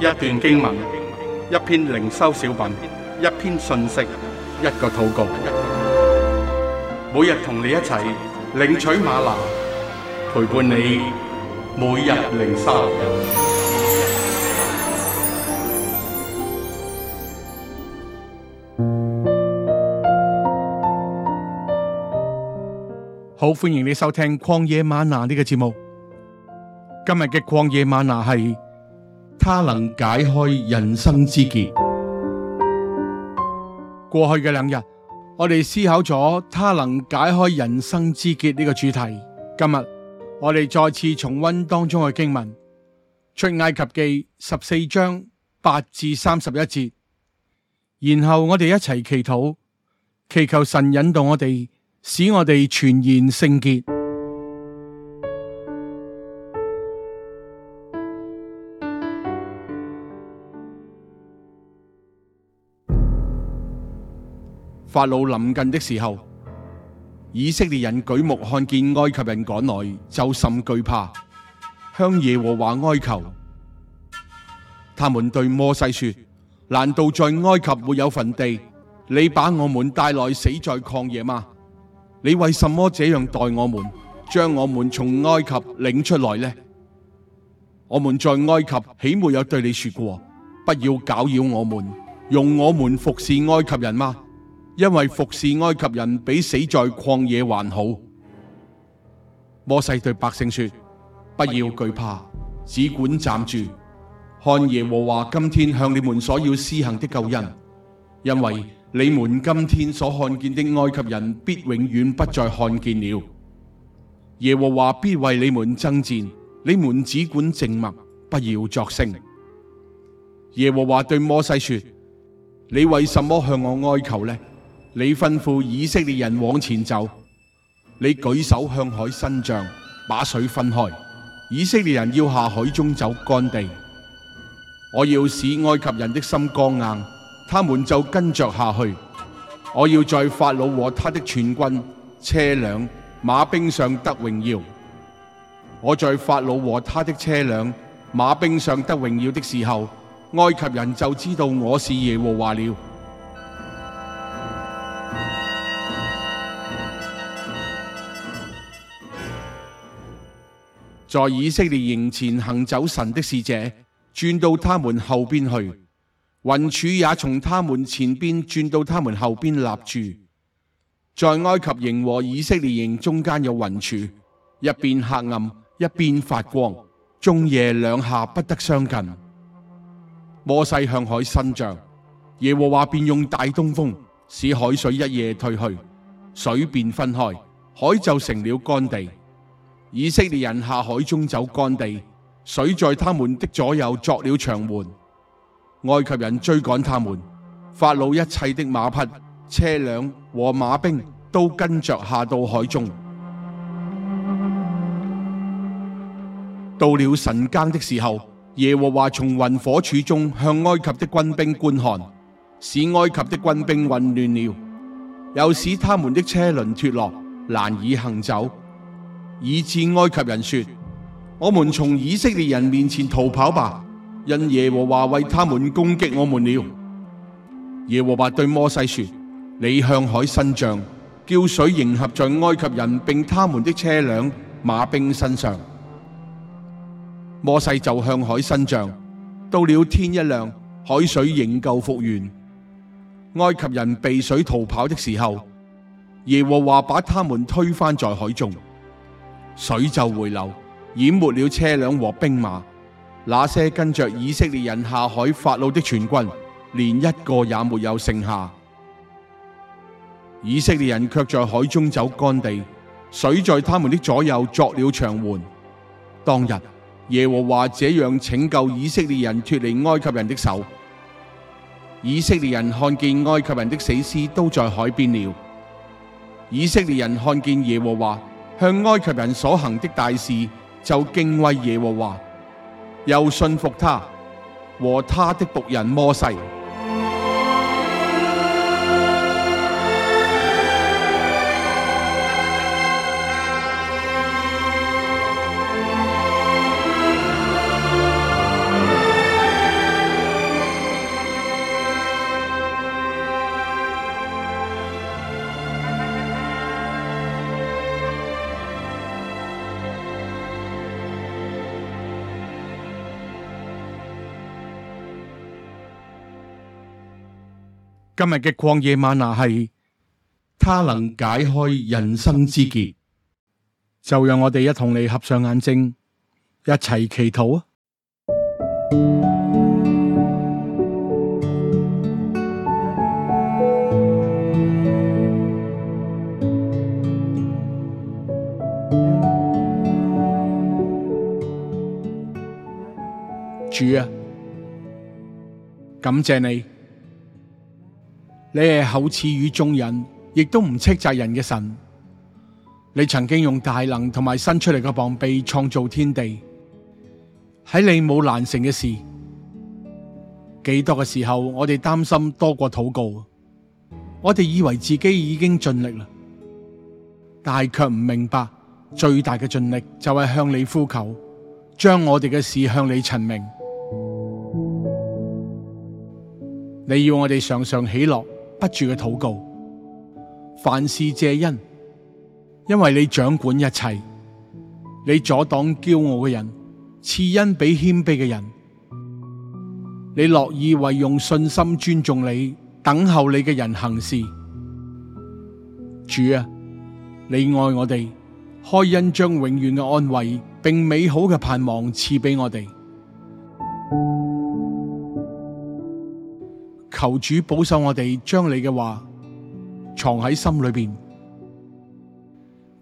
一段經文，一篇靈修小品，一篇信息，一個禱告。每日同你一齊領取嗎哪，陪伴你每日靈修。好，歡迎你收聽《曠野嗎哪》呢個節目。今日嘅《曠野嗎哪》係。祂能解開人生之結。過去嘅兩日，我哋思考咗祂能解開人生之結呢個主題，今日我哋再次重溫當中嘅經文《出埃及記》十四章八至三十一節，然後我哋一齊祈禱，祈求神引導我哋，使我哋全然聖潔。法老臨近的時候，以色列人舉目看見埃及人趕來，就甚懼怕，向耶和華哀求。他們對摩西說：難道在埃及沒有墳地？你把我們帶來死在曠野嗎？你為什麼這樣待我們？將我們從埃及領出來呢？我們在埃及豈沒有對你說過，不要攪擾我們，用我們服侍埃及人嗎？因為服侍埃及人比死在曠野還好。摩西對百姓說：不要懼怕，只管站住，看耶和華今天向你們所要施行的救恩。因為你們今天所看見的埃及人必永遠不再看見了。耶和華必為你們爭戰，你們只管靜默，不要作聲。耶和華對摩西說：你為什麼向我哀求呢？你吩咐以色列人往前走，你舉手向海伸杖，把水分開。以色列人要下海中走乾地。我要使埃及人的心剛硬，他們就跟着下去。我要在法老和他的全軍、車輛、馬兵上得榮耀。我在法老和他的車輛、馬兵上得榮耀的時候，埃及人就知道我是耶和華了。在以色列營前行走神的使者，轉到他們後邊去。雲柱也從他們前邊轉到他們後邊立住。在埃及營和以色列營中間有雲柱，一邊黑暗，一邊發光，中夜兩下不得相近。摩西向海伸杖，耶和華便用大東風使海水一夜退去，水便分開，海就成了乾地。以色列人下海中走乾地，水在他們的左右作了牆垣。埃及人追趕他們，法老一切的馬匹、車輛和馬兵都跟着下到海中。到了晨更的時候，耶和華從雲火柱中向埃及的軍兵觀看，使埃及的軍兵混亂了，又使他們的車輪脫落，難以行走。以致埃及人說：我們從以色列人面前逃跑吧，因耶和華為他們攻擊我們了。耶和華對摩西說：你向海伸杖，叫水迎合在埃及人並他們的車輛、馬兵身上。摩西就向海伸杖，到了天一亮，海水仍舊復原。埃及人避水逃跑的時候，耶和華把他們推翻在海中。水就回流，淹沒了車輛和兵馬。那些跟着以色列人下海法老的全軍，連一個也沒有剩下。以色列人卻在海中走乾地，水在他們的左右作了牆垣。當日，耶和華這樣拯救以色列人脱離埃及人的手。以色列人看見埃及人的死屍都在海邊了。以色列人看見耶和華。向埃及人所行的大事，就敬畏耶和華，又信服他和他的僕人摩西。今日嘅曠野嗎哪係，祂能解開人生之結，就讓我哋一同你合上眼睛，一齊祈禱啊！主啊，感謝你。你係厚賜與眾人，亦都唔斥責人嘅神。你曾經用大能同埋伸出嚟嘅膀臂創造天地。喺你冇難成嘅事，幾多嘅時候我哋擔心多過禱告。我哋以為自己已經盡力啦，但係卻唔明白最大嘅盡力就係向你呼求，將我哋嘅事向你陳明。你要我哋常常喜樂，不住嘅禱告，凡事謝恩，因為你掌管一切，你阻擋驕傲嘅人，賜恩俾謙卑嘅人，你樂意為用信心尊重你、等候你嘅人行事。主啊，你愛我哋，開恩將永遠嘅安慰並美好嘅盼望賜俾我哋。求主保守我哋，將你嘅話藏喺心裏邊，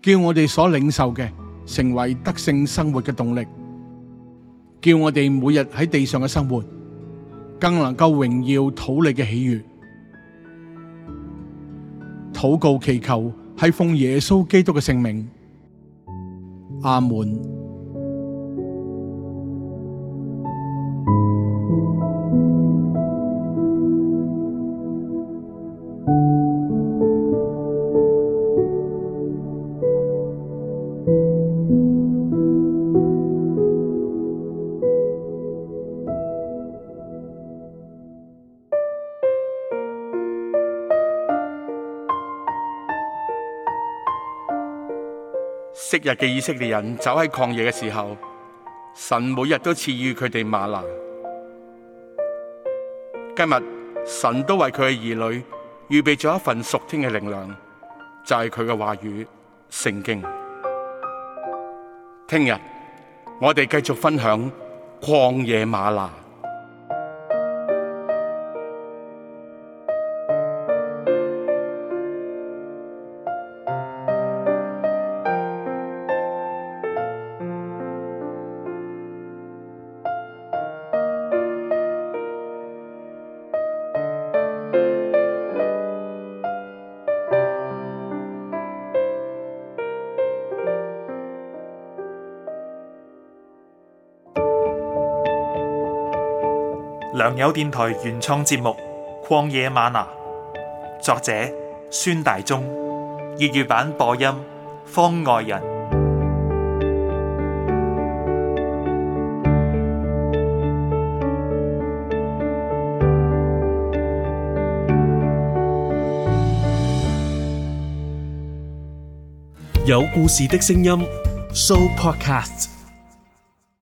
叫我哋所領受嘅成為德性生活嘅動力，叫我哋每日喺地上嘅生活更能夠榮耀土裏嘅喜悅。禱告祈求係奉耶穌基督嘅聖名，阿門。昔日嘅以色列人走喺曠野嘅時候，神每日都賜予佢哋嗎哪。今日神都為佢嘅兒女預備咗一份屬天嘅靈糧，就係佢嘅話語《聖經》。聽日我哋繼續分享曠野嗎哪。良友電台原創節目《曠野嗎哪》，作者孫大中，粵語版播音方外人，有故事的聲音，Show Podcast。